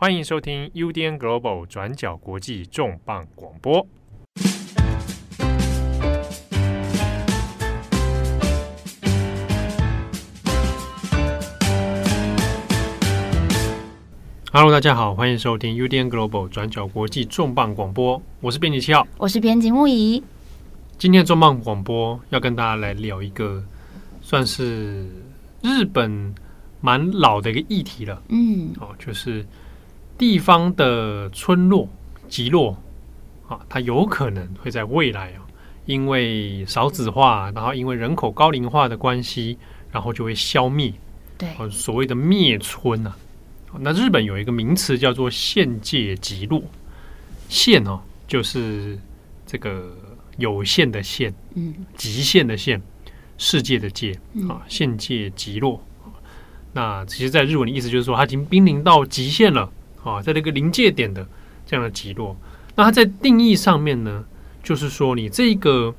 歡迎收聽 UDN Global 轉角國際重磅廣播。Hello，大家好，歡迎收聽 UDN Global 轉角國際重磅廣播。我是編輯七號，我是編輯牧宜。今天重磅廣播要跟大家來聊一個算是日本蠻老的一個議題了。嗯，哦，就是。地方的村落集落啊，它有可能會在未來哦、啊，因為少子化，然後因為人口高齡化的關係，然後就會消滅。對，啊、所謂的滅村啊。那日本有一個名詞叫做“限界集落”，限哦、啊，就是這個有限的限，嗯，極限的限，世界的界啊，限界集落。那其實，在日文的意思就是說，它已經瀕臨到極限了。啊，在這個臨界點的這樣的集落。那它在定義上面呢，就是說你這個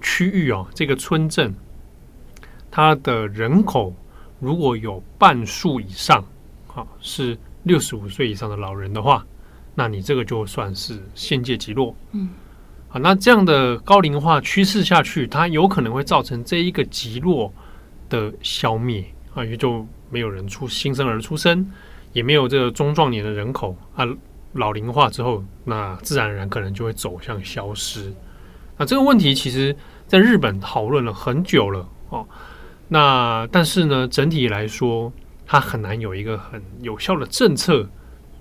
區域啊，這個村鎮，它的人口如果有半數以上，啊，是六十五歲以上的老人的話，那你這個就算是限界集落。嗯，好、啊，那這樣的高齡化趨勢下去，它有可能會造成這一個集落的消滅啊，也就沒有人出新生兒出生。也沒有這個中壯年的人口啊，老齡化之後，那自然而然可能就會走向消失。那這個問題其實在日本討論了很久了哦。那但是呢，整體來說，它很難有一個很有效的政策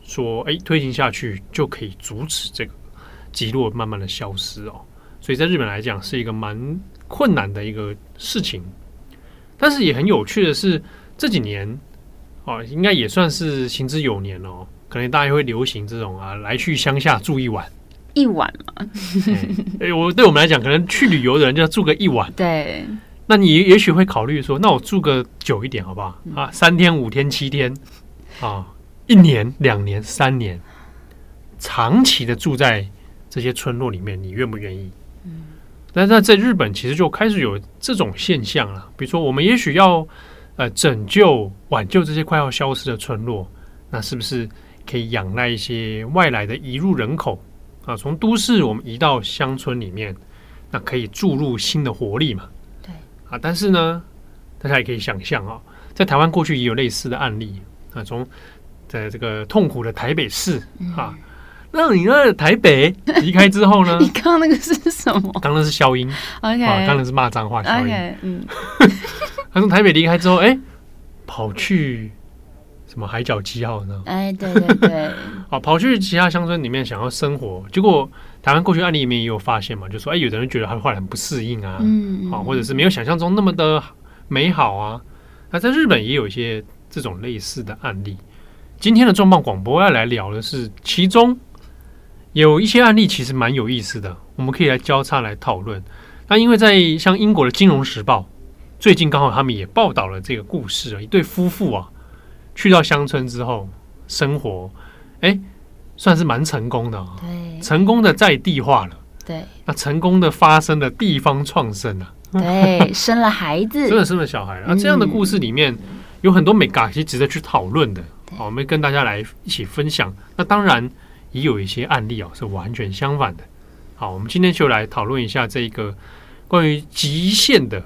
說，說、哎、誒，推行下去就可以阻止這個集落慢慢的消失哦。所以在日本來講，是一個蠻困難的一個事情。但是也很有趣的是，這幾年。哦，應該也算是行之有年哦。可能大家會流行這種啊，來去鄉下住一晚，一晚碗嘛。哎 、欸欸，我對我們來講，可能去旅遊的人就要住個一晚。對，那你也許會考慮說，那我住個久一點好不好？啊，三天、五天、七天，啊，一年、兩年、三年，長期的住在這些村落裡面，你願不願意？嗯，但那在日本其實就開始有這種現象了。比如說，我們也許要。呃、拯救、挽救這些快要消失的村落，那是不是可以仰賴一些外來的移入人口啊？從都市我們移到鄉村裡面，那可以注入新的活力嘛？對啊，但是呢，大家也可以想象啊、哦，在台灣過去也有類似的案例啊，從在這個痛苦的台北市、嗯、啊，讓你那台北離開之後呢？ 你剛剛那個是什麼？當然是消音。OK，當然、啊、是罵髒話。消音。Okay. 嗯。 他從台北離開之後，哎，跑去什麼海角七號呢？哎，對對對 啊，跑去其他鄉村裡面想要生活，結果台灣過去案例裡面也有發現嘛，就說哎，有的人覺得他後來很不適應啊，嗯，嗯啊，或者是沒有想象中那麼的美好啊。那、啊、在日本也有一些這種類似的案例。今天的重磅廣播要來聊的是其中有一些案例其實蠻有意思的，我們可以來交叉來討論。那因為在像英國的《金融時報》嗯。最近剛好他們也報道了這個故事啊，一對夫婦啊，去到鄉村之後生活，哎，算是蠻成功的。哦，對，成功的在地化了，對，那、啊、成功的發生的地方創生了，對，呵呵生了孩子，真的生了小孩那、嗯啊、這樣的故事裡面有很多美感，其實值得去討論的，嗯、好，我們跟大家來一起分享。那當然也有一些案例啊、哦，是完全相反的，好，我們今天就來討論一下這一個關於極限的，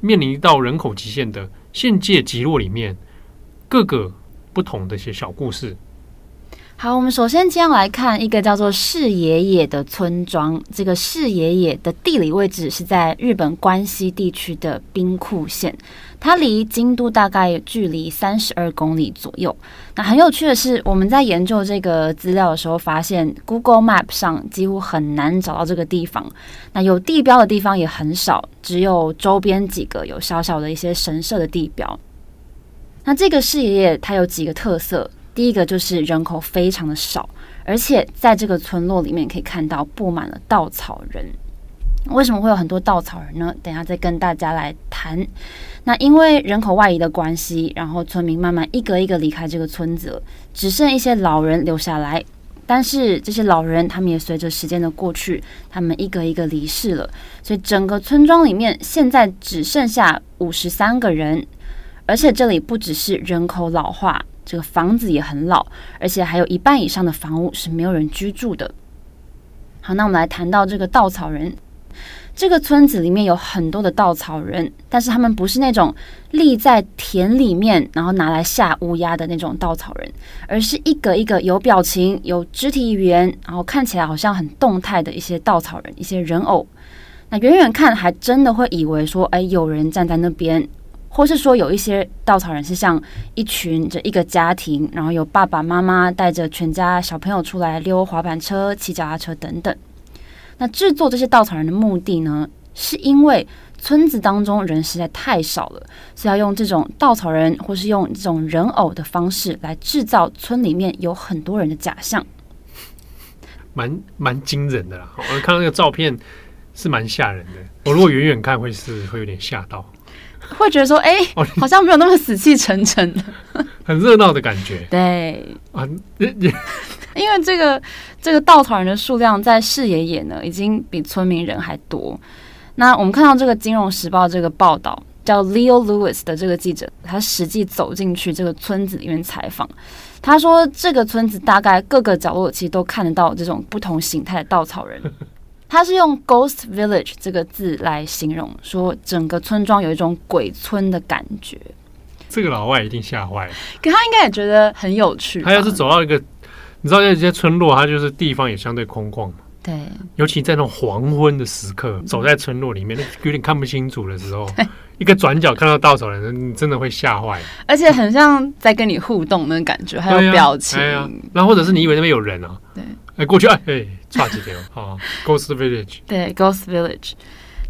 面臨到人口極限的限界集落裡面，各個不同的一些小故事。好，我們首先先來看一個叫做柿爺爺的村莊。這個柿爺爺的地理位置是在日本關西地區的兵庫縣。它離京都大概距離三十二公里左右。那很有趣的是，我們在研究這個資料的時候，發現 Google Map 上幾乎很難找到這個地方。那有地標的地方也很少，只有周邊幾個有小小的一些神社的地標。那這個事業它有幾個特色，第一個就是人口非常的少，而且在這個村落裡面可以看到布滿了稻草人。為什麼會有很多稻草人呢？等下再跟大家來談。那因為人口外移的關係，然後村民慢慢一個一個離開這個村子了，只剩一些老人留下來。但是這些老人，他們也隨着時間的過去，他們一個一個離世了。所以整個村莊裡面現在只剩下五十三個人。而且這裡不只是人口老化，這個房子也很老，而且還有一半以上的房屋是沒有人居住的。好，那我們來談到這個稻草人。這個村子裡面有很多的稻草人，但是他們不是那種立在田裡面，然後拿來嚇烏鴉的那種稻草人，而是一個一個有表情、有肢體語言，然後看起來好像很動態的一些稻草人、一些人偶。那遠遠看，還真的會以為說，哎，有人站在那邊，或是說有一些稻草人是像一群，就一個家庭，然後有爸爸媽媽帶着全家小朋友出來溜滑板車、騎腳踏車等等。那製作這些稻草人的目的呢，是因為村子當中人實在太少了，所以要用這種稻草人或是用這種人偶的方式來製造村裡面有很多人的假象，蠻蠻驚人的啦。我看到那個照片是蠻嚇人的，我如果遠遠看會是 會有點嚇到，會覺得說，哎、欸， 好像沒有那麼死氣沉沉的，很熱鬧的感覺。對啊，欸欸因為這個這個稻草人的數量在視野野呢，已經比村民人還多。那我們看到這個《金融時報》這個報道，叫 Leo Lewis 的這個記者，他實際走進去這個村子裡面採訪。他說，這個村子大概各個角落其實都看得到這種不同形態的稻草人。他是用 Ghost Village 這個字來形容，說整個村莊有一種鬼村的感覺。這個老外一定嚇壞了，可他應該也覺得很有趣。他要是走到一個。你知道這些村落，它就是地方也相對空曠嘛。對。尤其在那種黃昏的時刻，走在村落裡面，那有點看不清楚的時候，對一個轉角看到稻草人，你真的會嚇壞。而且很像在跟你互動那種感覺，還有表情。那、啊啊、或者是你以為那邊有人了、啊？對。哎，欸、過去哎，差、欸欸、幾條 好 Ghost Village。對，Ghost Village。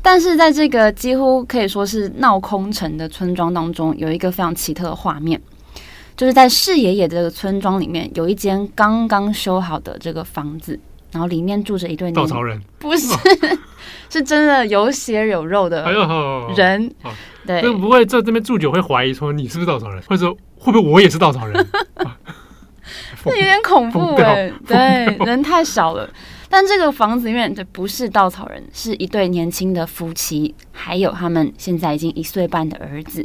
但是在這個幾乎可以說是鬧空城的村莊當中，有一個非常奇特的畫面。就是在世爺爺這個村莊裡面，有一間剛剛修好的這個房子，然後裡面住着一對稻草人，不是，oh. 是真的有血有肉的，人對，就不會在這邊住久，會懷疑說你是不是稻草人，或者說會不會我也是稻草人，那 風有點恐怖哎、欸，對，人太少了， 但這個房子裡面就不是稻草人，是一對年輕的夫妻，還有他們現在已經一歲半的兒子。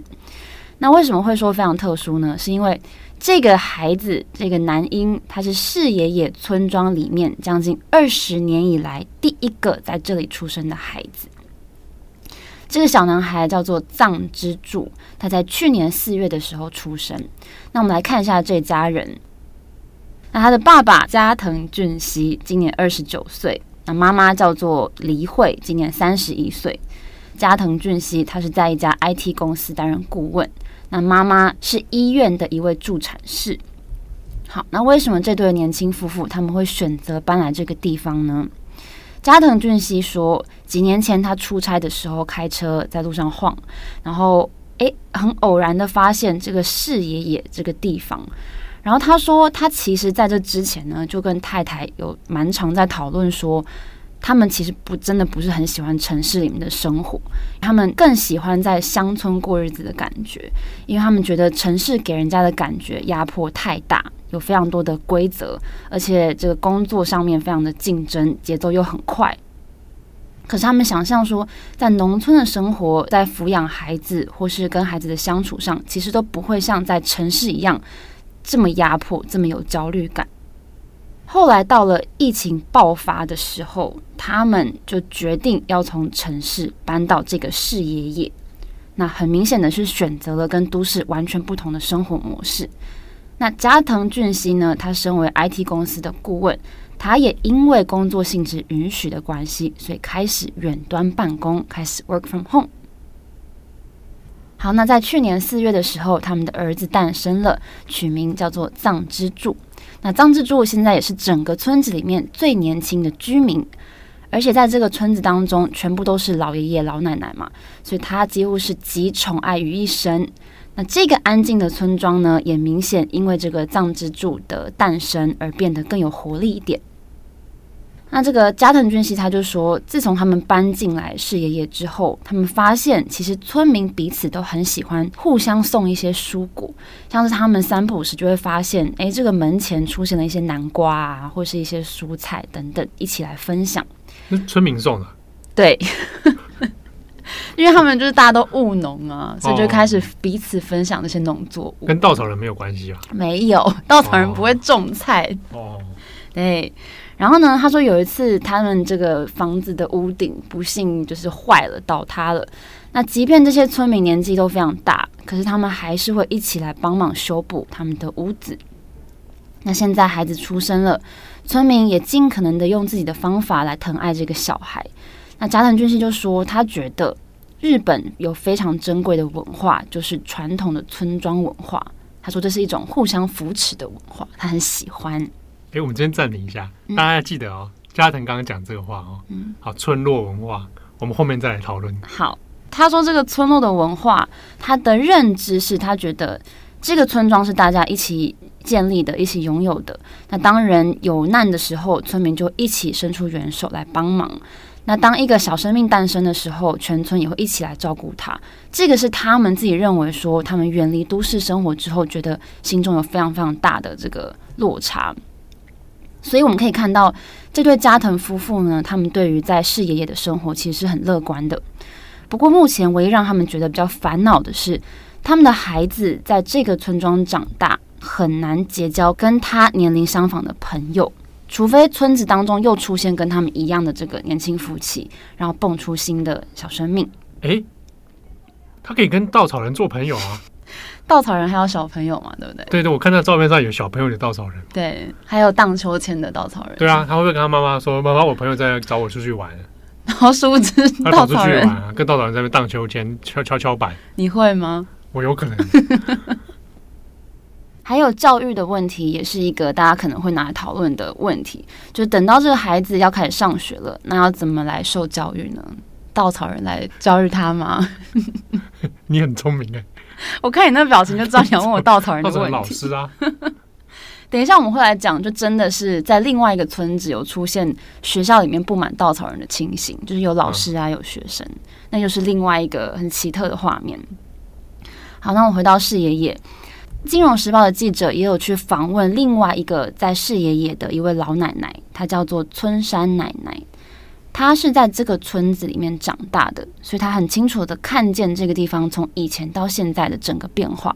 那為什麼會說非常特殊呢？是因為這個孩子，這個男嬰，他是四爺爺村莊裡面將近二十年以來第一個在這裡出生的孩子。這個小男孩叫做藏之助，他在去年四月的時候出生。那我們來看一下這家人。那他的爸爸加藤俊熙，今年二十九歲，那媽媽叫做黎慧，今年三十一歲。加藤俊熙，他是在一家 IT 公司擔任顧問，那媽媽是醫院的一位助產士。好，那為什麼這對年輕夫婦他們會選擇搬來這個地方呢？加藤俊熙說，幾年前他出差的時候開車在路上晃，然後誒，很偶然的發現這個世爺爺這個地方。然後他說，他其實在這之前呢，就跟太太有蠻常在討論說。他們其實不真的不是很喜歡城市裡面的生活，他們更喜歡在鄉村過日子的感覺，因為他們覺得城市給人家的感覺壓迫太大，有非常多的規則，而且這個工作上面非常的競爭，節奏又很快。可是他們想象說，在農村的生活，在撫養孩子或是跟孩子的相處上，其實都不會像在城市一樣這麼壓迫，這麼有焦慮感。後來到了疫情爆發的時候，他們就決定要從城市搬到這個市野野。那很明顯的是選擇了跟都市完全不同的生活模式。那加藤俊熙呢，他身為 IT 公司的顧問，他也因為工作性質允許的關係，所以開始遠端辦公，開始 work from home。好，那在去年四月的時候，他們的兒子誕生了，取名叫做藏之助。那藏之助現在也是整個村子裡面最年輕的居民，而且在這個村子當中，全部都是老爺爺老奶奶嘛，所以他幾乎是集寵愛於一身。那這個安靜的村莊呢，也明顯因為這個藏之助的誕生而變得更有活力一點。那這個加藤俊熙，他就說，自從他們搬進來是爺爺之後，他們發現其實村民彼此都很喜歡互相送一些蔬果，像是他們散步時就會發現，哎、欸，這個門前出現了一些南瓜啊，或是一些蔬菜等等，一起來分享。那村民送的。對， 因為他們就是大家都務農啊，哦、所以就開始彼此分享那些農作物。跟稻草人沒有關係啊。沒有，稻草人不會種菜。哦， 對。然後呢，他說有一次，他們這個房子的屋頂不幸就是壞了，倒塌了。那即便這些村民年紀都非常大，可是他們還是會一起來幫忙修補他們的屋子。那現在孩子出生了，村民也盡可能地用自己的方法來疼愛這個小孩。那加藤俊希就說，他覺得日本有非常珍貴的文化，就是傳統的村莊文化。他說這是一種互相扶持的文化，他很喜歡。給我們今天暫停一下，大家要記得哦。加藤、嗯、剛剛講這個話哦，好，村落文化，我們後面再來討論。好，他說這個村落的文化，他的認知是他覺得這個村莊是大家一起建立的，一起擁有的。那當人有難的時候，村民就一起伸出援手來幫忙。那當一個小生命誕生的時候，全村也會一起來照顧他。這個是他們自己認為說，他們遠離都市生活之後，覺得心中有非常非常大的這個落差。所以我們可以看到這對加藤夫婦呢，他們對於在世爺爺的生活其實是很樂觀的。不過目前唯一讓他們覺得比較煩惱的是，他們的孩子在這個村莊長大，很難結交跟他年齡相仿的朋友，除非村子當中又出現跟他們一樣的這個年輕夫妻，然後蹦出新的小生命。誒，他可以跟稻草人做朋友啊！稻草人還有小朋友嘛？對不對？對對，我看到照片上有小朋友的稻草人，對，還有盪秋千的稻草人。對啊，他會不會跟他媽媽說：“媽媽，我朋友在找我出去玩。哦”然後梳子去玩稻草人啊，跟稻草人在那盪秋千、敲蹺蹺板，你會嗎？我有可能。 還有教育的問題，也是一個大家可能會拿來討論的問題。就等到這個孩子要開始上學了，那要怎麼來受教育呢？稻草人來教育他嗎？ 你很聰明哎、欸。 我看你那表情就知道你想問我稻草人的是我老師啊， 等一下我們會來講，就真的是在另外一個村子有出現學校裡面布滿稻草人的情形，就是有老師啊，有學生，啊、那就是另外一個很奇特的畫面。好，那我回到市爺爺，金融時報的記者也有去訪問另外一個在市爺爺的一位老奶奶，她叫做村山奶奶。他是在這個村子裡面長大的，所以他很清楚的看見這個地方從以前到現在的整個變化。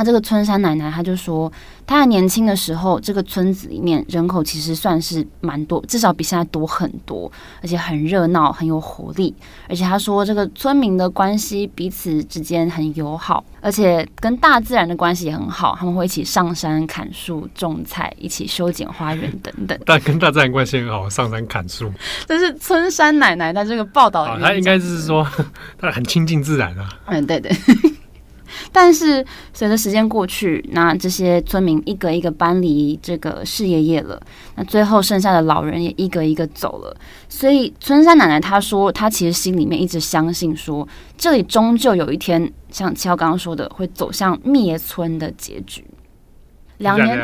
他這個村山奶奶，他就說，他年輕的時候，這個村子裡面人口其實算是蠻多，至少比現在多很多，而且很熱鬧，很有活力。而且他說，這個村民的關係彼此之間很友好，而且跟大自然的關係也很好。他們會一起上山砍樹、種菜，一起修剪花園等等。但跟大自然關係很好，上山砍樹。但是村山奶奶她這個報道裡面，他、啊、應該就是說他很親近自然啊。嗯、哎，對對。但是，隨着時間過去，那這些村民一個一個搬離這個集落了，那最後剩下的老人也一個一個走了。所以，村山奶奶她說，她其實心裡面一直相信說，說這裡終究有一天，像七號剛剛說的，會走向滅村的結局。兩年，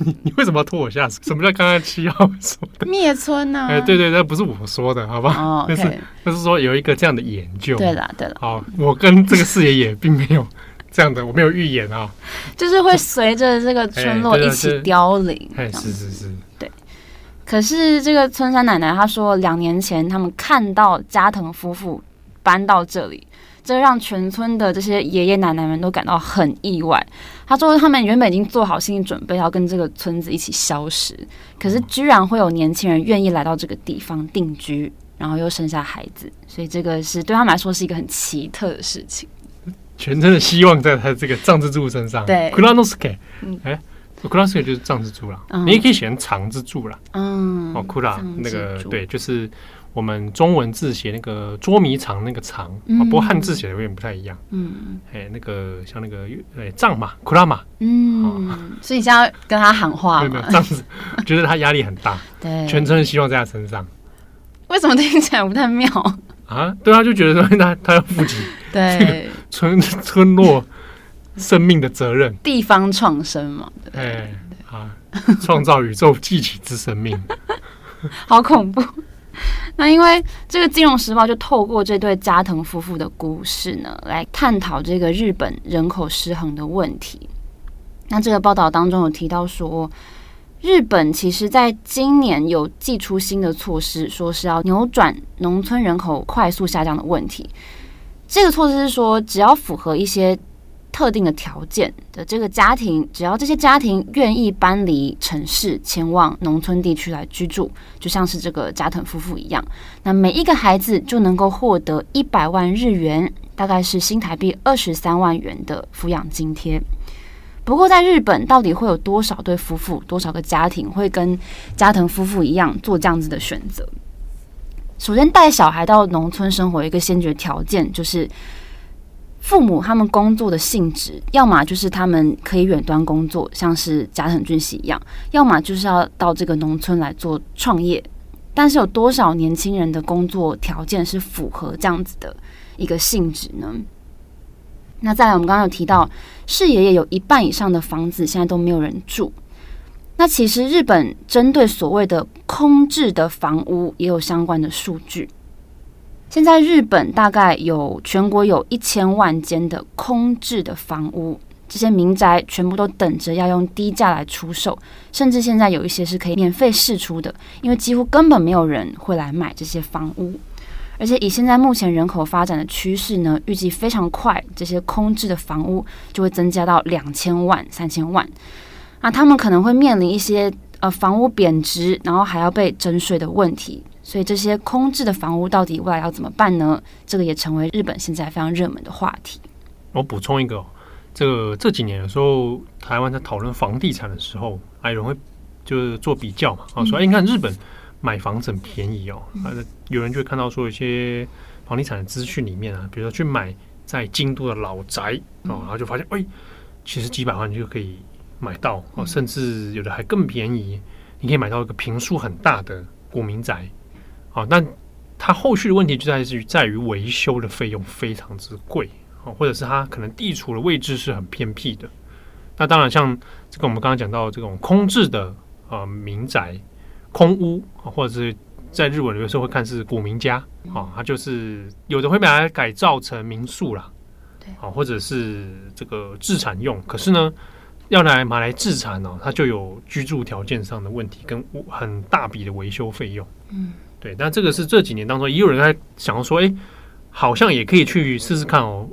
你你為什麼要拖我下水？什麼叫剛剛七號說的滅村呢、啊哎？對對對，那不是我說的，好不好？Oh, okay. 那是就是說有一個這樣的研究，對了對了。好，我跟這個四爺爺並沒有這樣的， 我沒有預言啊，就是會隨着這個村落一起凋零。哎，啊、哎，是是是，對。可是這個村山奶奶她說，兩年前他們看到加藤夫婦搬到這裡。這讓全村的這些爺爺奶奶們都感到很意外。他說，他們原本已經做好心理準備，要跟這個村子一起消失，可是居然會有年輕人願意來到這個地方定居，嗯、然後又生下孩子，所以這個是對他們來說是一個很奇特的事情。全村的希望在他這個藏之柱身上。對，Kulanoski，哎，Kulanoski 就是藏之柱了。嗯、你也可以選藏之柱了。嗯，哦，Kula 那個對，就是。我們中文字寫那個捉迷藏那個藏啊，不過漢字寫的有點不太一樣。嗯，哎，那個像那個哎藏嘛，克拉瑪。嗯，所以現在要跟他喊話，對吧？這樣子覺得他壓力很大。對，全村希望在他身上。為什麼聽起來不太妙啊？對，他就覺得說他他要負起對村村落生命的責任，地方創生嘛。對，創造宇宙繼起之生命，好恐怖。那、啊、因為這個《金融時報》就透過這對加藤夫婦的故事呢，來探討這個日本人口失衡的問題。那這個報道當中有提到說，日本其實在今年有祭出新的措施，說是要扭轉農村人口快速下降的問題。這個措施是說，只要符合一些特定的條件的這個家庭，只要這些家庭願意搬離城市，前往農村地區來居住，就像是這個加藤夫婦一樣，那每一個孩子就能夠獲得一百萬日元，大概是新台幣二十三萬元的撫養津貼。不過，在日本到底會有多少對夫婦、多少個家庭會跟加藤夫婦一樣做這樣子的選擇？首先，帶小孩到農村生活一個先決條件就是。父母他們工作的性質，要麼就是他們可以遠端工作，像是加藤俊喜一樣；要麼就是要到這個農村來做創業。但是有多少年輕人的工作條件是符合這樣子的一個性質呢？那再來我們剛剛有提到，是爺爺有一半以上的房子現在都沒有人住。那其實日本針對所謂的空置的房屋也有相關的數據。現在日本大概有全國有一千萬間的空置的房屋，這些民宅全部都等着要用低價來出售，甚至現在有一些是可以免費釋出的，因為幾乎根本沒有人會來買這些房屋。而且以現在目前人口發展的趨勢呢，預計非常快，這些空置的房屋就會增加到兩千萬、三千萬。那他們可能會面臨一些呃房屋貶值，然後還要被徵稅的問題。所以這些空置的房屋到底未來要怎麼辦呢？這個也成為日本現在非常熱門的話題。我補充一個，這個這幾年有時候台灣在討論房地產的時候，還有人會就是做比較嘛啊，說，欸，你看日本買房子很便宜哦，有人就會看到說一些房地產的資訊裡面啊，比如說去買在京都的老宅啊，然後就發現，哎、欸，其實幾百萬就可以買到啊，甚至有的還更便宜，你可以買到一個坪數很大的國民宅。好，那、啊、它後續的問題就在於在於，維修的費用非常之貴，哦、啊，或者是它可能地處的位置是很偏僻的。那當然，像這個我們剛剛講到這種空置的呃民宅、空屋，啊、或者是在日本有的時候會看是古民家啊，它就是有的會把它改造成民宿啦。對，啊，或者是這個自產用。可是呢，要來馬來自產哦、啊，它就有居住條件上的問題跟很大筆的維修費用，嗯。對，但這個是這幾年當中，也有人在想要說，哎，好像也可以去試試看哦。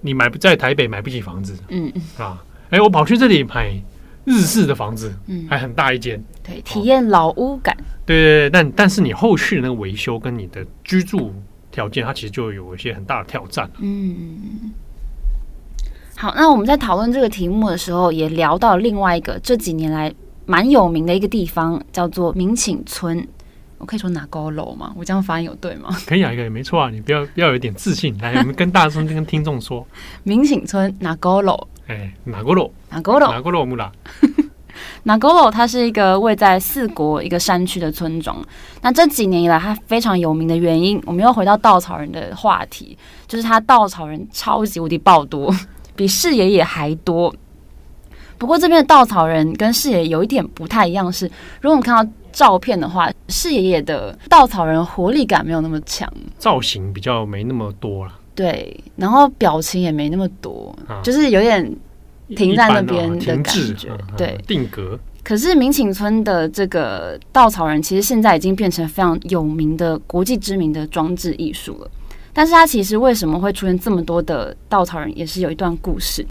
你買不在台北買不起房子。嗯嗯，啊，哎，我跑去這裡買日式的房子，嗯，還很大一間，嗯、對，啊、體驗老屋感，對，但但是你後續那個維修跟你的居住條件，它其實就有一些很大的挑戰。嗯，嗯。好，那我們在討論這個題目的時候，也聊到另外一個這幾年來蠻有名的一個地方，叫做名頃村。我可以說拿高樓嗎？我這樣發音有對嗎？可以啊，可以，沒錯啊，你不要不要有點自信，來，我們跟大眾 跟聽眾說，名頃村拿高樓，哎拿高樓拿高樓拿高樓，木啦拿高樓，它是一個位在四國一個山區的村莊。那這幾年以來，它非常有名的原因，我們又回到稻草人的話題，就是它稻草人超級無敵爆多，比視野也還多。不過這邊的稻草人跟視野有一點不太一樣是，是如果我們看到。照片的話，是爺爺的稻草人活力感沒有那麼強，造型比較沒那麼多了，對，然後表情也沒那麼多，啊、就是有點停在那邊的感覺，啊啊啊、對，定格。可是名頃村的這個稻草人，其實現在已經變成非常有名的國際知名的裝置藝術了。但是它其實為什麼會出現這麼多的稻草人，也是有一段故事。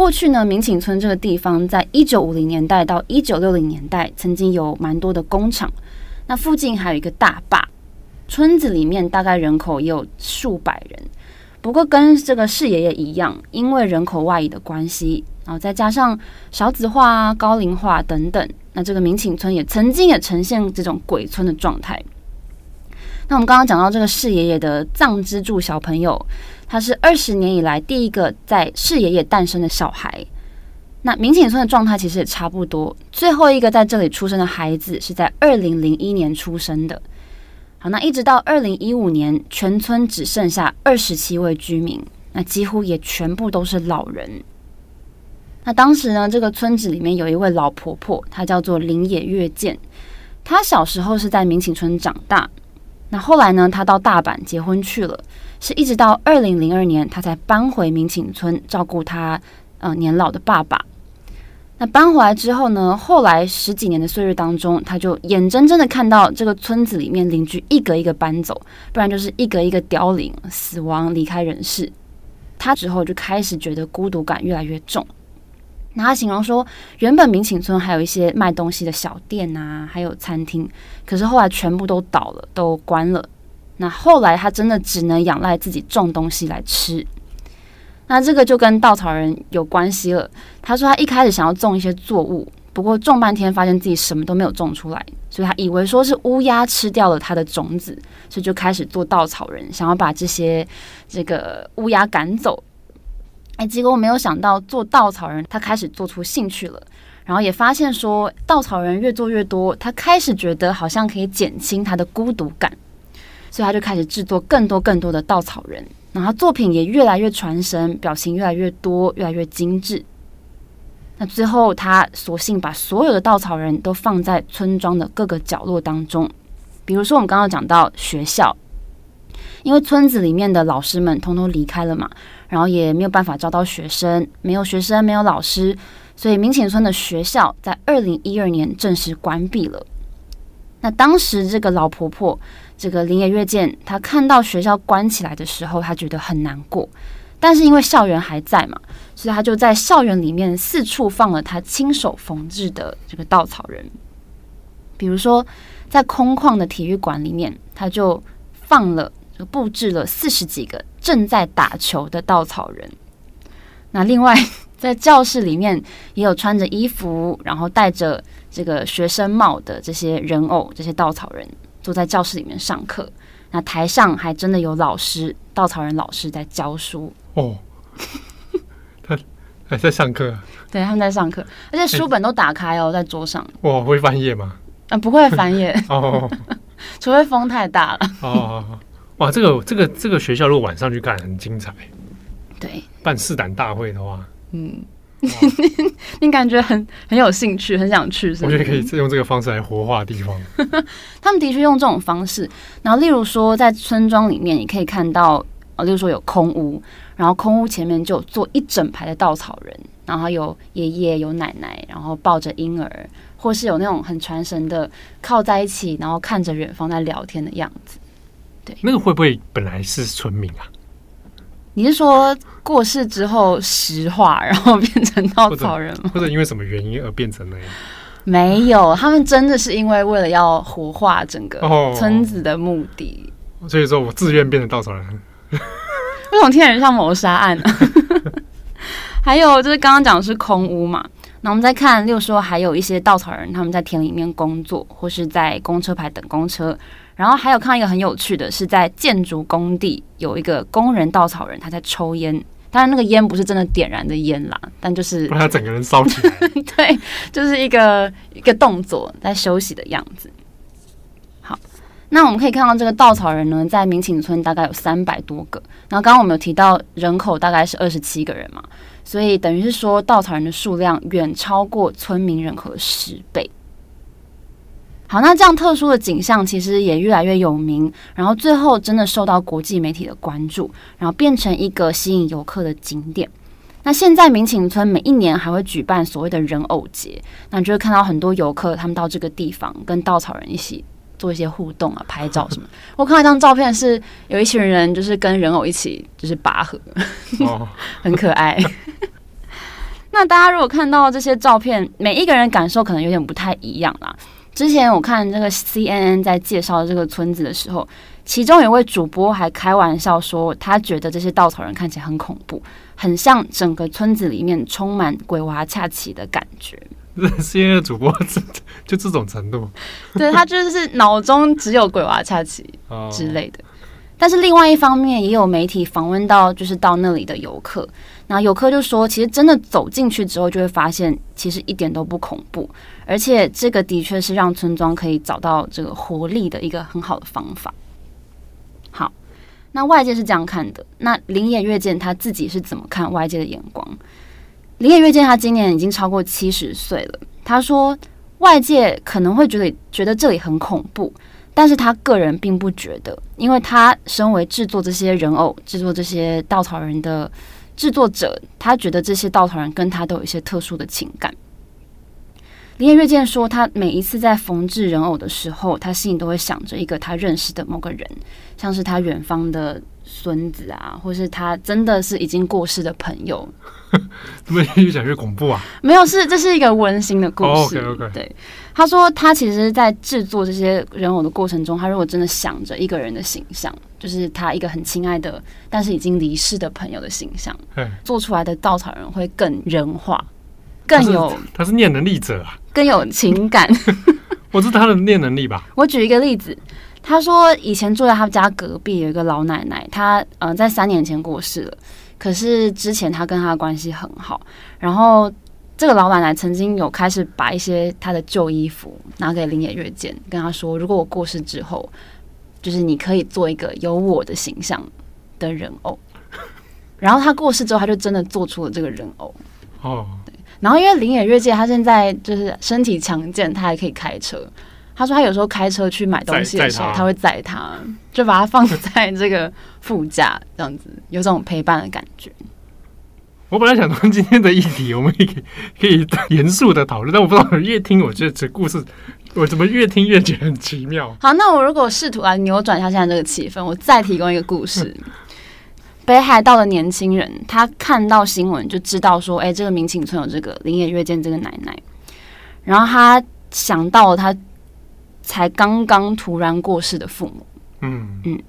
過去呢，明寢村這個地方，在一九五零年代到一九六零年代，曾經有蠻多的工廠。那附近還有一個大壩，村子裡面大概人口也有數百人。不過跟這個世爺爺一樣，因為人口外移的關係，然後再加上少子化、高齡化等等，那這個明寢村也曾經也呈現這種鬼村的狀態。那我們剛剛講到這個世爺爺的藏之助小朋友。他是二十年以來第一個在世爺爺誕生的小孩。那名頃村的狀態其實也差不多，最後一個在這裡出生的孩子是在二零零一年出生的。好，那一直到二零一五年，全村只剩下二十七位居民，那幾乎也全部都是老人。那當時呢，這個村子裡面有一位老婆婆，她叫做林野月見，她小時候是在名頃村長大，那後來呢，她到大阪結婚去了。是一直到二零零二年，他才搬回民寢村照顧他嗯、呃、年老的爸爸。那搬回來之後呢，後來十幾年的歲月當中，他就眼睜睜的看到這個村子裡面鄰居一個一個搬走，不然就是一個一個凋零、死亡、離開人世。他之後就開始覺得孤獨感越來越重。那他形容說，原本民寢村還有一些賣東西的小店啊，還有餐廳，可是後來全部都倒了，都關了。那後來，他真的只能仰賴自己種東西來吃。那這個就跟稻草人有關係了。他說，他一開始想要種一些作物，不過種半天，發現自己什麼都沒有種出來，所以他以為說是烏鴉吃掉了他的種子，所以就開始做稻草人，想要把這些這個烏鴉趕走。哎，結果沒有想到，做稻草人，他開始做出興趣了，然後也發現說，稻草人越做越多，他開始覺得好像可以減輕他的孤獨感。所以他就開始製作更多更多的稻草人，然後作品也越來越傳神，表情越來越多，越來越精緻。那最後他索性把所有的稻草人都放在村莊的各個角落當中，比如說我們剛剛講到學校，因為村子裡面的老師們通通離開了嘛，然後也沒有辦法招到學生，沒有學生、沒有老師，所以名頃村的學校在二零一二年正式關閉了。那當時這個老婆婆。這個林野月見，他看到學校關起來的時候，他覺得很難過。但是因為校園還在嘛，所以他就在校園裡面四處放了他親手縫制的這個稻草人。比如說，在空曠的體育館裡面，他就放了、就布置了四十幾個正在打球的稻草人。那另外，在教室裡面也有穿着衣服，然後戴着這個學生帽的這些人偶、這些稻草人。坐在教室裡面上課，那台上還真的有老師，稻草人老師在教書哦。他還在上課， 對，他們在上課，而且書本都打開哦，欸、在桌上。哇，會翻頁嗎？嗯、啊，不會翻頁 哦，哦，哦， 除非風太大了。 哦，哦，哦，哦，哇，這個這個這個學校，如果晚上去看，很精彩。對，辦試膽大會的話，嗯。你 你感覺很很有興趣，很想去是不是？我覺得可以用這個方式來活化地方。 他們的確用這種方式。然後，例如說，在村莊裡面，你可以看到，呃，例如說有空屋，然後空屋前面就坐一整排的稻草人，然後有爺爺有奶奶，然後抱着嬰兒，或是有那種很傳神的靠在一起，然後看着遠方在聊天的樣子。對，那個會不會本來是村民啊？你是說過世之後石化，然後變成稻草人嗎？或，或者因為什麼原因而變成那樣？沒有，他們真的是因為為了要活化整個村子的目的，哦、所以說我自願變成稻草人。為什麼聽起來像謀殺案呢？ 還有就是剛剛講的是空屋嘛，那我們再看六說，還有一些稻草人，他們在田裡面工作，或是在公車牌等公車。然後還有看到一個很有趣的是，在建築工地有一個工人稻草人，他在抽煙，當然那個煙不是真的點燃的煙啦，但就是把他整個人燒起來， 對，就是一個一個動作在休息的樣子。好，那我們可以看到這個稻草人呢，在明景村大概有三百多個，然後剛剛我們有提到人口大概是二十七個人嘛，所以等於是說稻草人的數量遠超過村民人口的十倍。好，那這樣特殊的景象其實也越來越有名，然後最後真的受到國際媒體的關注，然後變成一個吸引遊客的景點。那現在民情村每一年還會舉辦所謂的人偶節，那你就會看到很多遊客他們到這個地方跟稻草人一起做一些互動啊，拍照什麼。 我看到一張照片是有一群人就是跟人偶一起就是拔河，哦， 很可愛。 那大家如果看到這些照片，每一個人感受可能有點不太一樣啦。之前我看這個 CNN 在介紹這個村子的時候，其中有位主播還開玩笑說，他覺得這些稻草人看起來很恐怖，很像整個村子裡面充滿鬼娃恰奇的感覺。CNN 主播就，就這種程度，對，他就是腦中只有鬼娃恰奇之類的。哦。但是另外一方面，也有媒體訪問到就是到那裡的遊客，那遊客就說，其實真的走進去之後，就會發現其實一點都不恐怖。而且這個的確是讓村莊可以找到這個活力的一個很好的方法。好，那外界是這樣看的，那綾野月見他自己是怎麼看外界的眼光？綾野月見他今年已經超過七十歲了。他說，外界可能會覺得覺得這裡很恐怖，但是他個人並不覺得，因為他身為製作這些人偶、製作這些稻草人的製作者，他覺得這些稻草人跟他都有一些特殊的情感。林月見說，他每一次在縫制人偶的時候，他心裡都會想着一個他認識的某個人，像是他遠方的孫子啊，或是他真的是已經過世的朋友。 怎麼越想越恐怖啊？沒有，是這是一個溫馨的故事。Oh, okay, okay. 對，他說，他其實，在制作這些人偶的過程中，他如果真的想着一個人的形象，就是他一個很親愛的，但是已經離世的朋友的形象，Hey. 做出來的稻草人會更人化。更有他是，他是念能力者啊，更有情感。 我是他的念能力吧？我舉一個例子，他說以前住在他們家隔壁有一個老奶奶，他嗯、呃，在三年前過世了。可是之前他跟他的關係很好，然後這個老奶奶曾經有開始把一些他的舊衣服拿給林野月見，跟他說：“如果我過世之後，就是你可以做一個有我的形象的人偶。”然後他過世之後，他就真的做出了這個人偶哦。然後，因為林也越界，他現在就是身體強健，他還可以開車。他說他有時候開車去買東西的時候，他，他會載他，就把他放在這個副駕， 這樣子有這種陪伴的感覺。我本來想從今天的議題，我們可以可以嚴肅的討論，但我不知道越聽，我覺得這故事我怎麼越聽越覺得很奇妙。好，那我如果試圖來扭轉一下現在這個氣氛，我再提供一個故事。 北海道的年輕人，他看到新聞就知道說，哎、欸，這個民情村有這個林野月見這個奶奶，然後他想到了他才剛剛突然過世的父母，嗯嗯，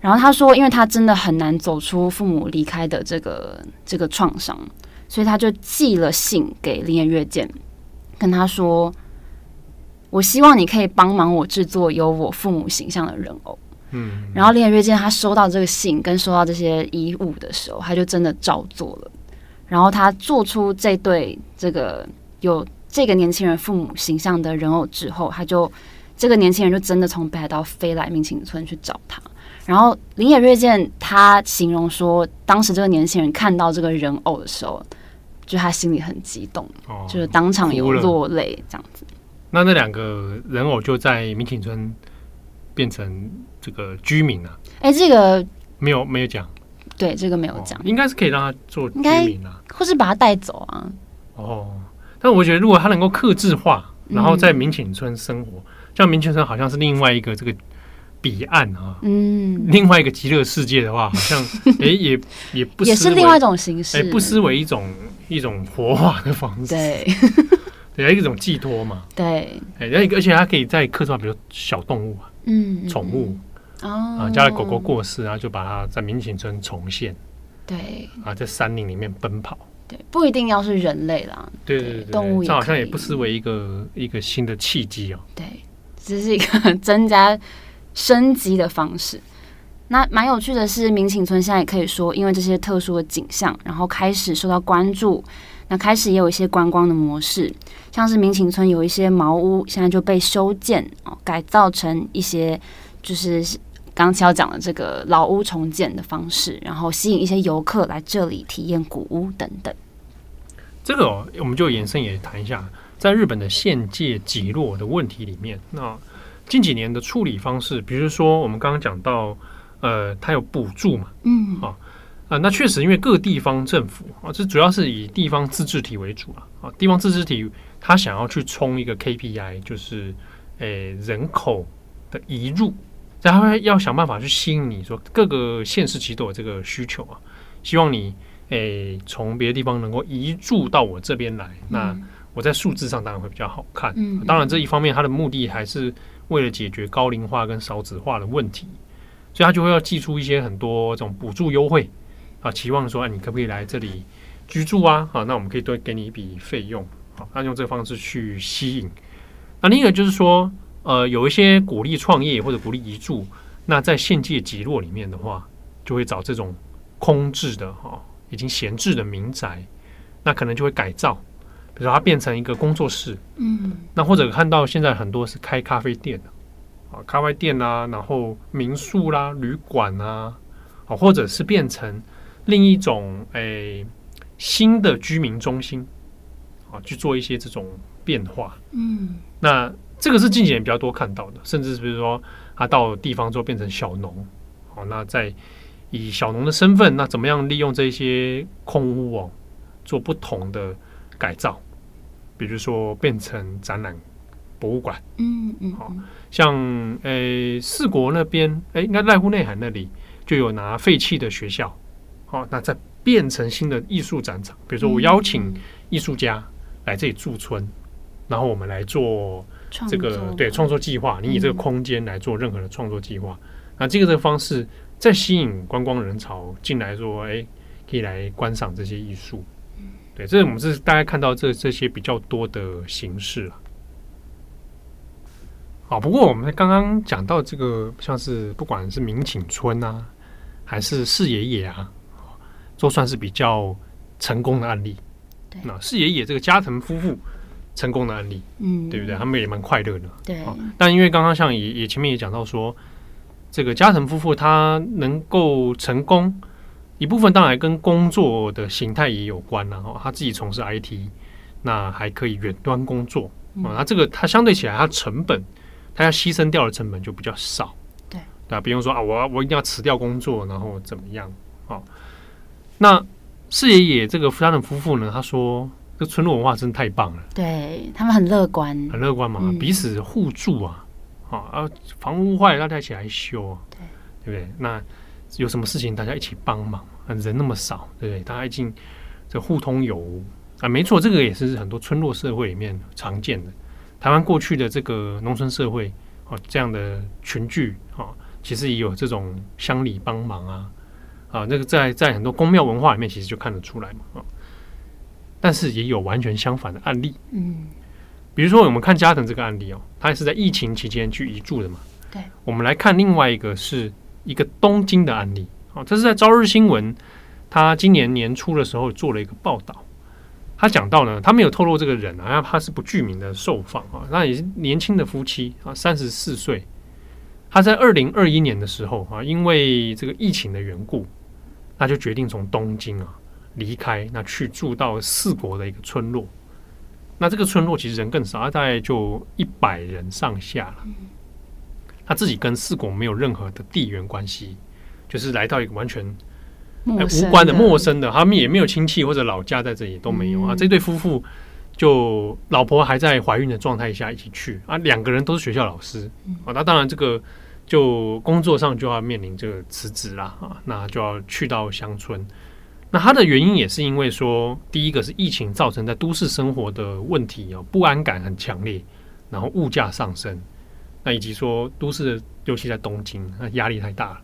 然後他說，因為他真的很難走出父母離開的這個這個創傷，所以他就寄了信給林野月見，跟他說，我希望你可以幫忙我制作有我父母形象的人偶。嗯，然後綾野月見他收到這個信跟收到這些遺物的時候，他就真的照做了。然後他做出這對這個有這個年輕人父母形象的人偶之後，他就這個年輕人就真的從北海道飛來名頃村去找他。然後綾野月見他形容說，當時這個年輕人看到這個人偶的時候，就他心裡很激動，就是當場有落淚這樣子、哦。那那兩個人偶就在名頃村。變成這個居民啊？哎，這個沒有沒有講，對，這個沒有講，應該是可以讓他做居民啊，或是把他帶走啊。哦，但我覺得如果他能夠客製化，然後在明景村生活，像明景村好像是另外一個這個彼岸啊。嗯，另外一個極樂世界的話，好像哎也也不也是另外一種形式，哎，不失為一種一種活化的方式，對，對，一種寄託嘛。對，然而且他可以在客製化，比如小動物啊。嗯，寵物哦，家裡、啊、狗狗過世，然後就把它在民情村重現。對啊，在山林裡面奔跑。對，不一定要是人類啦，對，對動物，這好像也不失為一個一個新的契機哦。對，這是一個增加升級的方式。那蠻有趣的是，民情村現在也可以說，因為這些特殊的景象，然後開始受到關注。那開始也有一些觀光的模式，像是民勤村有一些茅屋，現在就被修建哦，改造成一些就是剛剛要講的這個老屋重建的方式，然後吸引一些遊客來這裡體驗古屋等等。這個、哦、我們就延伸也談一下，在日本的限界集落的問題裡面，那近幾年的處理方式，比如說我們剛剛講到，呃，它有補助嘛？嗯，好、哦。啊，那確實，因為各地方政府啊，這主要是以地方自治體為主啊。啊，地方自治體他想要去衝一個 KPI，就是誒、欸、人口的移入，然後要想辦法去吸引你說，各個縣市其實都有這個需求啊，希望你誒從別的地方能夠移住到我這邊來，那我在數字上當然會比較好看。嗯、啊，當然這一方面它的目的還是為了解決高齡化跟少子化的問題，所以他就會要祭出一些很多這種補助優惠。啊，期望說，啊，你可不可以來這裡居住啊？啊，那我們可以多給你一筆費用，好、啊，那、啊、用這個方式去吸引。那另一個就是說，呃，有一些鼓勵創業或者鼓勵移住，那在限界集落裡面的話，就會找這種空置的哈、啊，已經閒置的民宅，那可能就會改造，比如說它變成一個工作室，嗯，那或者看到現在很多是開咖啡店的，啊，咖啡店啦、啊，然後民宿啦、啊、旅館啊，啊，或者是變成。另一種誒、欸，新的居民中心，啊，去做一些這種變化。嗯，那這個是近幾年比較多看到的，甚至是比如說他到地方之後變成小農，好，那在以小農的身份，那怎麼樣利用這些空屋哦，做不同的改造？比如說變成展覽博物館。嗯嗯，好，像誒、欸、四國那邊，誒、欸、應該瀨戶內海那裡就有拿廢棄的學校。好、哦，那再變成新的藝術展場。比如說，我邀請藝術家來這裡駐村，嗯嗯、然後我們來做這個創作對創作計劃。嗯、你以這個空間來做任何的創作計劃，那這個的方式再吸引觀光人潮進來，說：“誒、哎，可以來觀賞這些藝術。”對，這個、我們是大家看到這這些比較多的形式啊。好，不過我們剛剛講到這個，像是不管是民警村啊，還是四爺爺啊。都算是比較成功的案例，對那是爺爺這個加藤夫婦成功的案例，嗯對，對不對？嗯、他們也蠻快樂的，對、哦。但因為剛剛像也也前面也講到說，這個加藤夫婦他能夠成功，一部分當然跟工作的形態也有關，然後、啊哦、他自己從事 IT，那還可以遠端工作、哦嗯、啊。他這個他相對起來，他成本他要犧牲掉的成本就比較少，對。那、啊、比如說啊，我我一定要辭掉工作，然後怎麼樣？那四爺爺這個福蘭的夫婦呢？他說：“這村落文化真的太棒了。”對他們很樂觀，很樂觀嘛，嗯、彼此互助啊，啊，房屋壞了大家一起來修啊，對，對不對？那有什麼事情大家一起幫忙，人那麼少，對不對？大家一定這互通有無啊，沒錯，這個也是很多村落社會裡面常見的。台灣過去的這個農村社會啊，這樣的群聚啊，其實也有這種鄉里幫忙啊。啊，那個在在很多宮廟文化裡面，其實就看得出來嘛，啊。但是也有完全相反的案例，嗯，比如說我們看加藤這個案例哦、啊，他也是在疫情期間去移住的嘛。對，我們來看另外一個是一個東京的案例，啊，這是在朝日新聞，他今年年初的時候做了一個報道，他講到呢，他沒有透露這個人啊，他是不具名的受訪啊，那也是年輕的夫妻啊，三十四歲，他在二零二一年的時候啊，因為這個疫情的緣故。那就決定從東京啊離開，那去住到四國的一個村落。那這個村落其實人更少，啊、大概就一百人上下了。嗯、他自己跟四國沒有任何的地緣關係，就是來到一個完全、哎、無關的陌生的，他們也沒有親戚或者老家在這裡都沒有、嗯、啊。這對夫婦就老婆還在懷孕的狀態下一起去啊，兩個人都是學校老師啊。那當然這個。就工作上就要面臨這個辭職啦啊，那就要去到鄉村。那他的原因也是因為說，第一個是疫情造成在都市生活的問題有不安感很強烈，然後物價上升，那以及說都市，尤其在東京，那壓力太大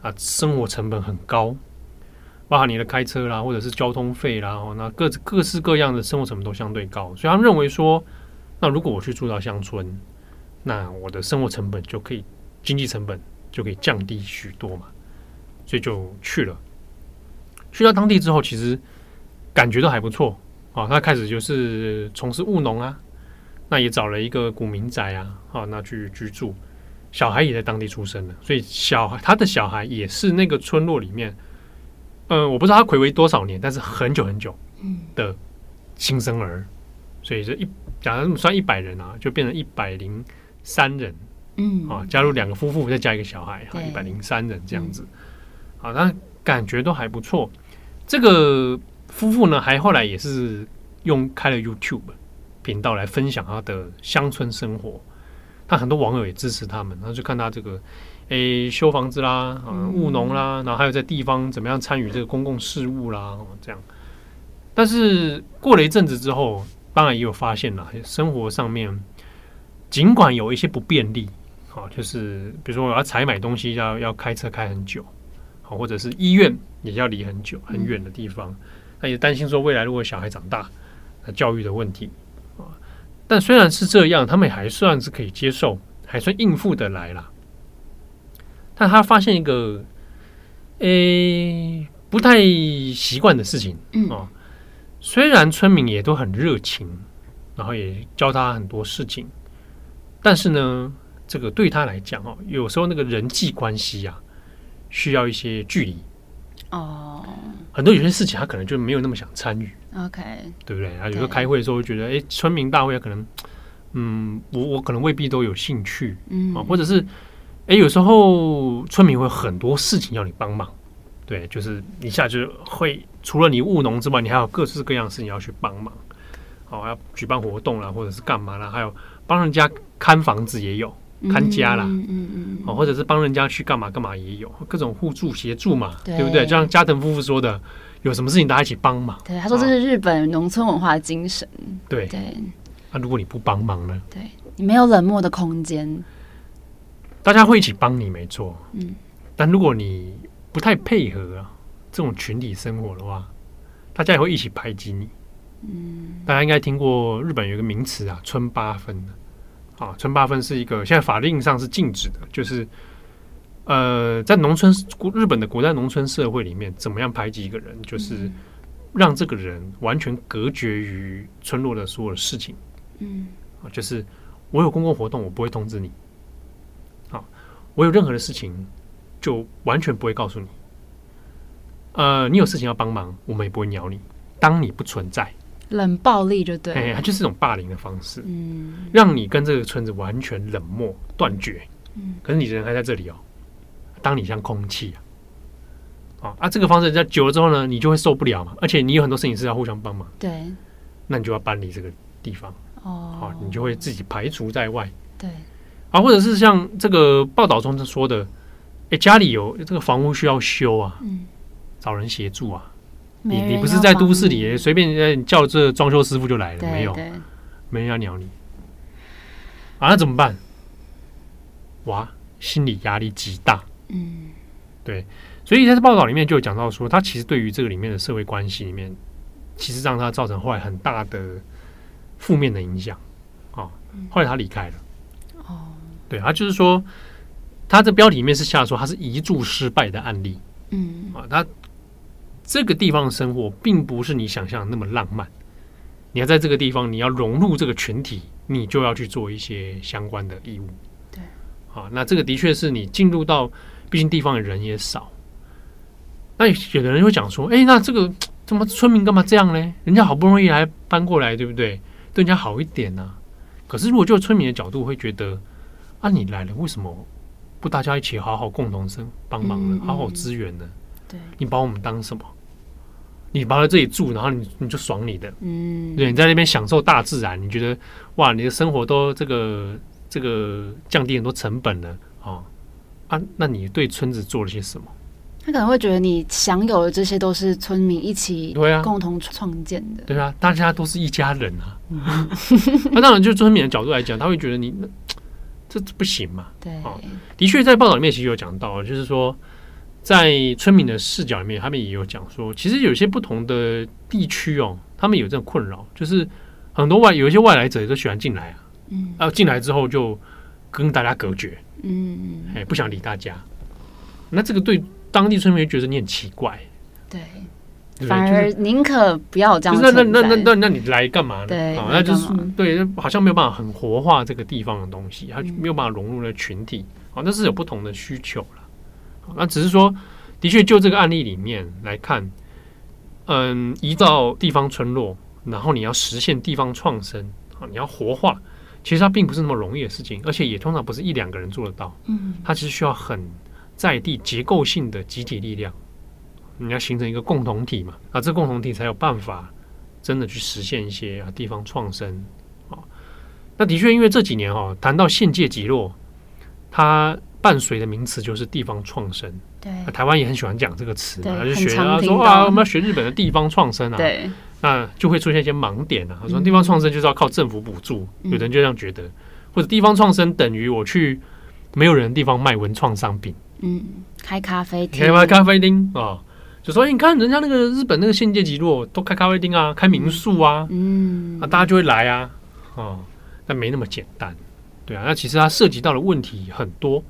啊，生活成本很高，包含你的開車啦，或者是交通費啦，那各各式各樣的生活成本都相對高，所以他們認為說，那如果我去住到鄉村，那我的生活成本就可以。經濟成本就可以降低許多嘛，所以就去了。去到當地之後，其實感覺都還不錯啊。他開始就是從事務農啊，那也找了一個古民宅啊，啊，那去居住。小孩也在當地出生了，所以小孩，他的小孩也是那個村落裡面，嗯、呃，我不知道他睽違多少年，但是很久很久的新生兒，所以這一假如算一百人啊，就變成一百零三人。嗯啊，加入兩個夫婦，再加一個小孩，哈對，一百零三人這樣子。好，但感覺都還不錯。這個夫婦呢，還後來也是用開了 YouTube 頻道來分享他的鄉村生活。他很多網友也支持他們，然後就看他這個誒、欸、修房子啦，啊務農啦，嗯、然後還有在地方怎麼樣參與這個公共事務啦，這樣。但是過了一陣子之後，當然也有發現了生活上面，儘管有一些不便利。好、哦，就是比如說我要採買東西要，要要開車開很久，好、哦，或者是醫院也要離很久很遠的地方，他也擔心說未來如果小孩長大，那教育的問題、哦、但雖然是這樣，他們還算是可以接受，還算應付得來了。但他發現一個，誒、欸、不太習慣的事情哦， 雖然村民也都很熱情，然後也教他很多事情，但是呢。這個對他來講哦，有時候那個人際關係呀、啊，需要一些距離哦。Oh. 很多有些事情他可能就沒有那麼想參與。OK，對不對？Okay. 啊，有時候開會的時候，覺得哎，村民大會可能，嗯，我我可能未必都有興趣。嗯、啊，或者是哎，有時候村民會有很多事情要你幫忙。對，就是一下就是會除了你務農之外，你還有各式各樣的事情要去幫忙。哦、啊，要舉辦活動啦，或者是幹嘛啦？還有幫人家看房子也有。看家啦，嗯嗯哦，嗯或者是幫人家去幹嘛幹嘛也有，各種互助協助嘛，嗯、對，對不對？就像加藤夫婦說的，有什麼事情大家一起幫忙。對，啊、他說這是日本農村文化的精神。對對，那對、啊、如果你不幫忙呢？對你沒有冷漠的空間，大家會一起幫你，沒錯。嗯，但如果你不太配合、啊、這種群體生活的話，大家也會一起排擠你。嗯，大家應該聽過日本有一個名詞啊，村八分。啊，村八分是一個現在法令上是禁止的，就是呃，在農村日本的國家農村社會裡面，怎麼樣排擠一個人？就是讓這個人完全隔絕於村落的所有事情。嗯，啊，就是我有公共活動，我不會通知你。好，啊，我有任何的事情，就完全不會告訴你。呃，你有事情要幫忙，我們也不會鳥你，當你不存在。冷暴力就對，他、欸、就是一種霸凌的方式，嗯，讓你跟這個村子完全冷漠斷絕，嗯、可是你人還在這裡哦，當你像空氣啊，哦、啊，這個方式在久了之後呢，你就會受不了嘛，而且你有很多事情是要互相幫忙，對，那你就要搬離這個地方哦，哦，你就會自己排除在外，對，啊，或者是像這個報道中他說的，哎、欸，家裡有這個房屋需要修啊，嗯、找人協助啊。你你不是在都市裡隨便叫這裝修師傅就來了對對對，沒有？沒人要鳥你啊？那怎麼辦？哇，心理壓力極大。嗯，對，所以在這報道裡面就有講到說，他其實對於這個裡面的社會關係裡面，其實讓他造成後來很大的負面的影響哦、啊，後來他離開了。嗯、哦，對他、啊、就是說，他這標題裡面是下說他是移住失敗的案例。嗯，啊，他。這個地方的生活並不是你想象的那麼浪漫。你要在這個地方，你要融入這個群體，你就要去做一些相關的義務。對，啊，那這個的確是你進入到，畢竟地方的人也少。那有的人會講說：“哎，那這個怎麼村民幹嘛這樣呢？人家好不容易來搬過來，對不對？對人家好一點呢？啊。可是如果就村民的角度會覺得：啊，你來了為什麼不大家一起好好共同生幫忙呢？嗯嗯、好好支援呢？對你把我們當什麼？”你搬來這裡住，然後你你就爽你的，嗯，對，你在那邊享受大自然，你覺得哇，你的生活都這個這個降低很多成本了啊、哦、啊！那你對村子做了些什麼？他可能會覺得你享有的這些都是村民一起對啊共同創建的，對啊，大家都是一家人啊。那、嗯 啊、當然，就村民的角度來講，他會覺得你這這不行嘛。對，哦、的確，在報道裡面其實有講到，就是說。在村民的視角裡面，他們也有講說，其實有些不同的地區哦，他們有這種困擾，就是很多外有一些外來者也都喜歡進來啊，嗯、啊進來之後就跟大家隔絕，嗯，哎不想理大家，那這個對當地村民覺得你很奇怪，對，對反而寧可不要這樣，那那那那那那你來幹嘛呢？對、啊，那就是、嗯、對，好像沒有辦法很活化這個地方的東西，他就沒有辦法融入了群體，啊，那是有不同的需求啦那只是說，的確，就這個案例裡面來看，嗯，一到地方村落，然後你要實現地方創生啊，你要活化，其實它並不是那麼容易的事情，而且也通常不是一兩個人做得到。嗯，它其實需要很在地結構性的集體力量，你要形成一個共同體嘛，那、啊、這共同體才有辦法真的去實現一些地方創生啊。那的確，因為這幾年哈、哦，談到限界集落，它。伴隨的名詞就是地方創生，對，啊、台灣也很喜歡講這個詞嘛，對他就學他、啊、說啊，我們要學日本的地方創生啊，對，那、啊、就會出現一些盲點啊。他說地方創生就是要靠政府補助，嗯、有的人就這樣覺得，或者地方創生等於我去沒有人的地方賣文創商品，嗯，開咖啡店，開咖啡店啊、哦，就說你看人家那個日本那個限界集落都開咖啡店啊，開民宿啊，嗯，那、嗯啊、大家就會來啊，哦，但沒那麼簡單，對啊，那其實它涉及到的問題很多。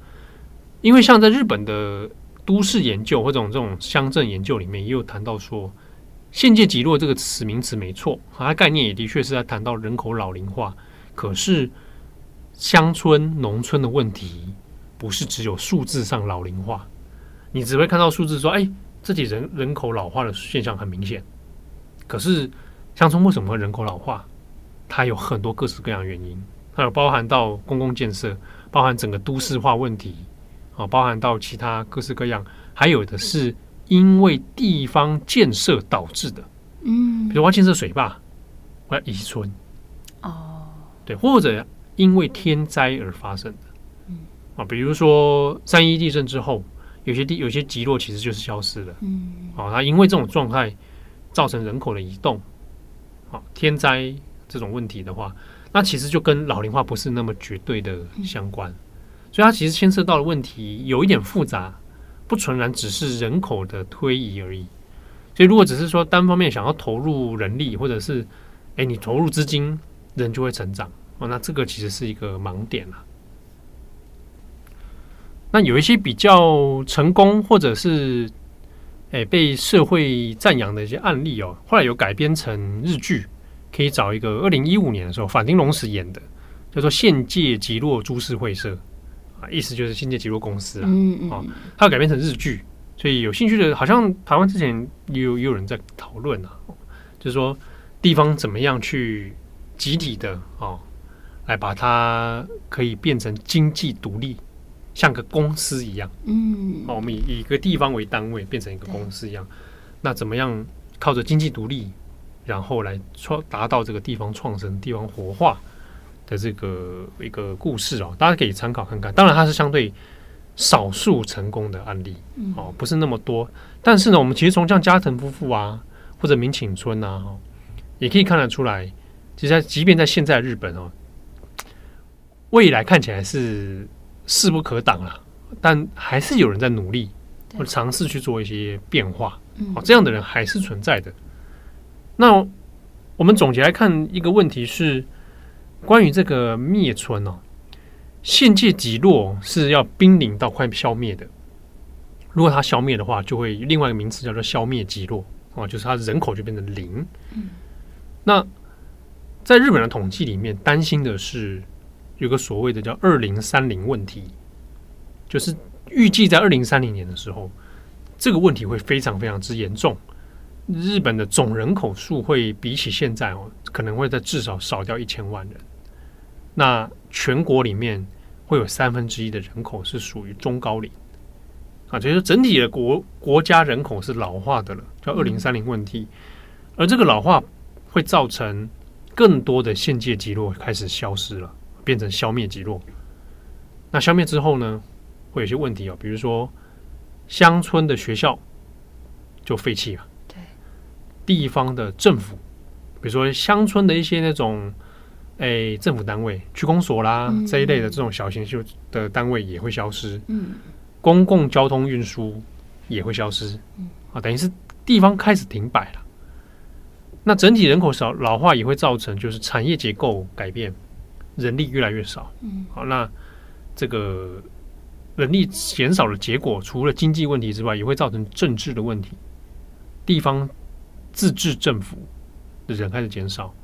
因為像在日本的都市研究或者這，這種鄉鎮研究裡面，也有談到說“限界集落”這個詞名詞沒錯，它、啊、概念也的確是在談到人口老齡化。可是，鄉村、農村的問題不是只有數字上老齡化，你只會看到數字說“哎，這裡人人口老化的現象很明顯”。可是，鄉村為什麼會人口老化？它有很多各式各樣的原因，它有包含到公共建設，包含整個都市化問題。啊，包含到其他各式各樣，還有的是因為地方建設導致的，嗯、比如我要建設水壩，我要移村，哦，對，或者因為天災而發生的，嗯，啊，比如說三一地震之後，有些地有些集落其實就是消失了，嗯，那、啊、因為這種狀態造成人口的移動，啊、天災這種問題的話，那其實就跟老齡化不是那麼絕對的相關。嗯嗯。它其實牽涉到的問題有一點複雜，不純然只是人口的推移而已。所以，如果只是說單方面想要投入人力，或者是誒你投入資金，人就會成長哦，那這個其實是一個盲點了、啊。那有一些比較成功，或者是誒被社會讚揚的一些案例哦，後來有改編成日劇，可以找一個二零一五年的時候，反町隆史演的叫做《限界集落株式會社》。意思就是限界集落公司啊，啊、嗯嗯哦，它要改編成日劇，所以有興趣的，好像台灣之前有，也有人在討論啊、哦，就是說地方怎麼樣去集體的啊、哦，來把它可以變成經濟獨立，像個公司一樣，嗯、哦，我們以一個地方為單位變成一個公司一樣，對那怎麼樣靠着經濟獨立，然後來創達到這個地方創生，地方活化。的這個一個故事哦，大家可以參考看看。當然，它是相對少數成功的案例、嗯、哦，不是那麼多。但是呢，我們其實從像加藤夫婦啊，或者民請村吶，也可以看得出來，其實在即便在現在日本哦，未來看起來是勢不可擋了，但還是有人在努力或嘗試去做一些變化。嗯、哦，這樣的人還是存在的。那我們總結來看，一個問題是。關於這個滅村哦、啊，限界集落是要瀕臨到快消滅的。如果它消滅的話，就會另外一個名詞叫做消滅集落哦、啊，就是它人口就變成零。嗯、那在日本的統計裡面，擔心的是有個所謂的叫“二零三零問題”，就是預計在二零三零年的時候，這個問題會非常非常之嚴重。日本的總人口數會比起現在哦、啊，可能會在至少少掉一千萬人。那全國裡面會有三分之一的人口是屬於中高齡啊，就是整體的國國家人口是老化的了，叫二零三零問題。嗯、而這個老化會造成更多的限界集落開始消失了，變成消滅集落。那消滅之後呢，會有些問題哦，比如說鄉村的學校就廢棄了，對地方的政府，比如說鄉村的一些那種。誒，政府單位、區公所啦、嗯、這一類的這種小型修的單位也會消失，嗯、公共交通運輸也會消失，嗯、啊，等於是地方開始停擺了。那整體人口少、老化也會造成就是產業結構改變，人力越來越少。嗯，好、啊，那這個人力減少的結果，除了經濟問題之外，也會造成政治的問題。地方自治政府的人開始減少。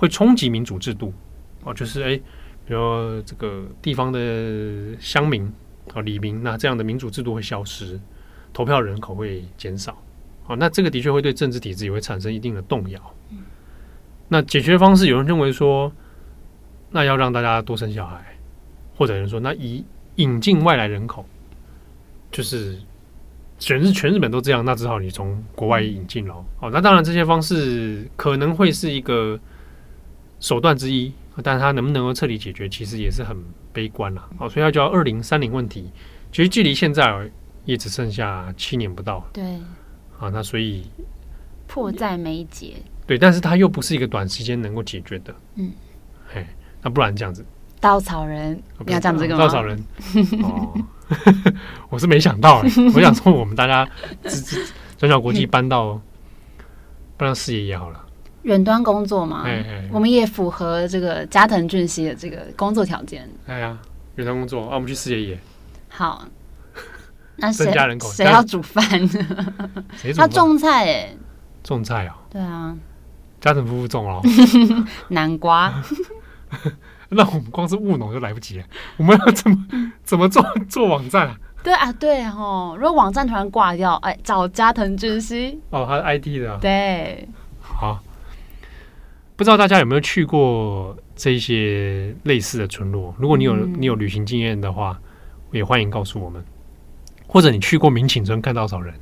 會衝擊民主制度，哦，就是誒，比如這個地方的鄉民啊、里民，那這樣的民主制度會消失，投票人口會減少，啊、哦，那這個的確會對政治體制也會產生一定的動搖。嗯、那解決方式，有人認為說，那要讓大家多生小孩，或者有人說，那引引進外來人口，就是全日全日本都這樣，那只好你從國外引進嘍。哦，那當然這些方式可能會是一個。手段之一，但是它能不能夠徹底解決，其實也是很悲觀了。哦，所以它叫二零三零問題，其實距離現在也只剩下七年不到。對，啊，那所以迫在眉睫。對，但是它又不是一個短時間能夠解決的。嗯，嘿，那不然這樣子，稻草人，okay, 你要這樣子稻草人，哦、 我是沒想到， 我想說我們大家轉角國際搬到搬到事業也好了。遠端工作嘛，嘿嘿，我們也符合這個加藤俊熙的這個工作條件。哎呀、啊，遠端工作，那、啊、我們去世界也好，那誰誰要煮飯？誰 他種菜、欸？哎，種菜啊、喔？對啊，加藤夫婦種哦， 南瓜。那 我們光是務農就來不及了，我們要怎麼怎麼做做網站啊？對啊，對啊，哦，如果網站突然掛掉，哎、欸，找加藤俊熙。哦，他是 IT 的。對，好。不知道大家有沒有去過這些類似的村落？如果你有、嗯、你有旅行經驗的話，也歡迎告訴我們。或者你去過明寢村，看到多少人？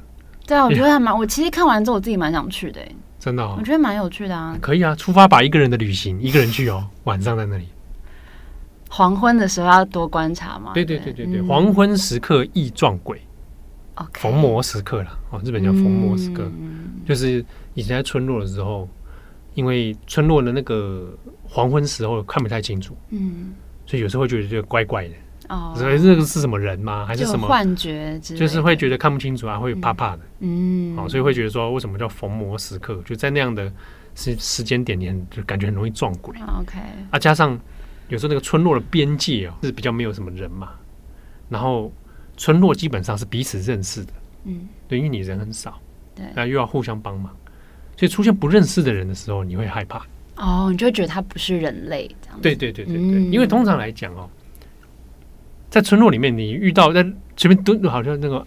對啊，我覺得還蠻……我其實看完之後，我自己蠻想去的。真的？我覺得蠻有趣的啊。可以啊，出發，把一個人的旅行，一個人去哦。晚上在那裡，黃昏的時候要多觀察嘛，對對對對對，黃昏時刻易撞鬼，逢魔時刻了哦，日本叫逢魔時刻，就是以前在村落的時候。因為村落的那個黃昏時候看不太清楚，嗯，所以有時候會覺得就怪怪的，哦，那個是什麼人嗎？還是什麼幻覺？就是會覺得看不清楚啊，嗯、會怕怕的，嗯，嗯、哦，所以會覺得說為什麼叫逢魔時刻？就在那樣的時時間點點，就感覺很容易撞鬼。OK，啊，okay 啊，加上有時候那個村落的邊界哦，是比較沒有什麼人嘛，然後村落基本上是彼此認識的，嗯，對，因為你人很少，對，那又要互相幫忙。所以出現不認識的人的時候，你會害怕。哦，你就覺得他不是人類。對對對對對，對，因為通常來講哦，在村落裡面，你遇到在隨便蹲，好像那個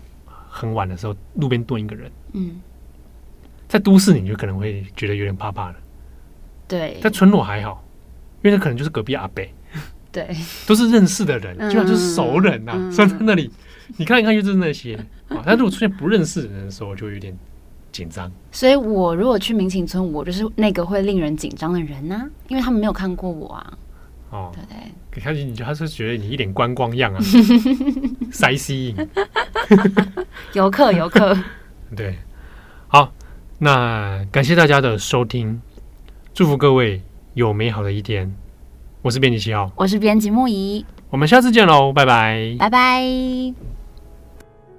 很晚的時候，路邊蹲一個人，嗯，在都市你就可能會覺得有點怕怕的。對，在村落還好，因為他可能就是隔壁阿北，對，都是認識的人，基本上就是熟人吶、啊，所以在那裡你看一看就是那些。啊、哦，但如果出現不認識的人的時候，就有點。緊張，所以我如果去民情村，我就是那個會令人緊張的人呢、啊，因為他們沒有看過我啊，哦，對不對？可能你他是覺得你一臉觀光樣啊， 塞西遊客遊客，遊客 對，好，那感謝大家的收聽，祝福各位有美好的一天，我是編輯七號，我是編輯牧宜，我們下次見嘍，拜拜，拜拜。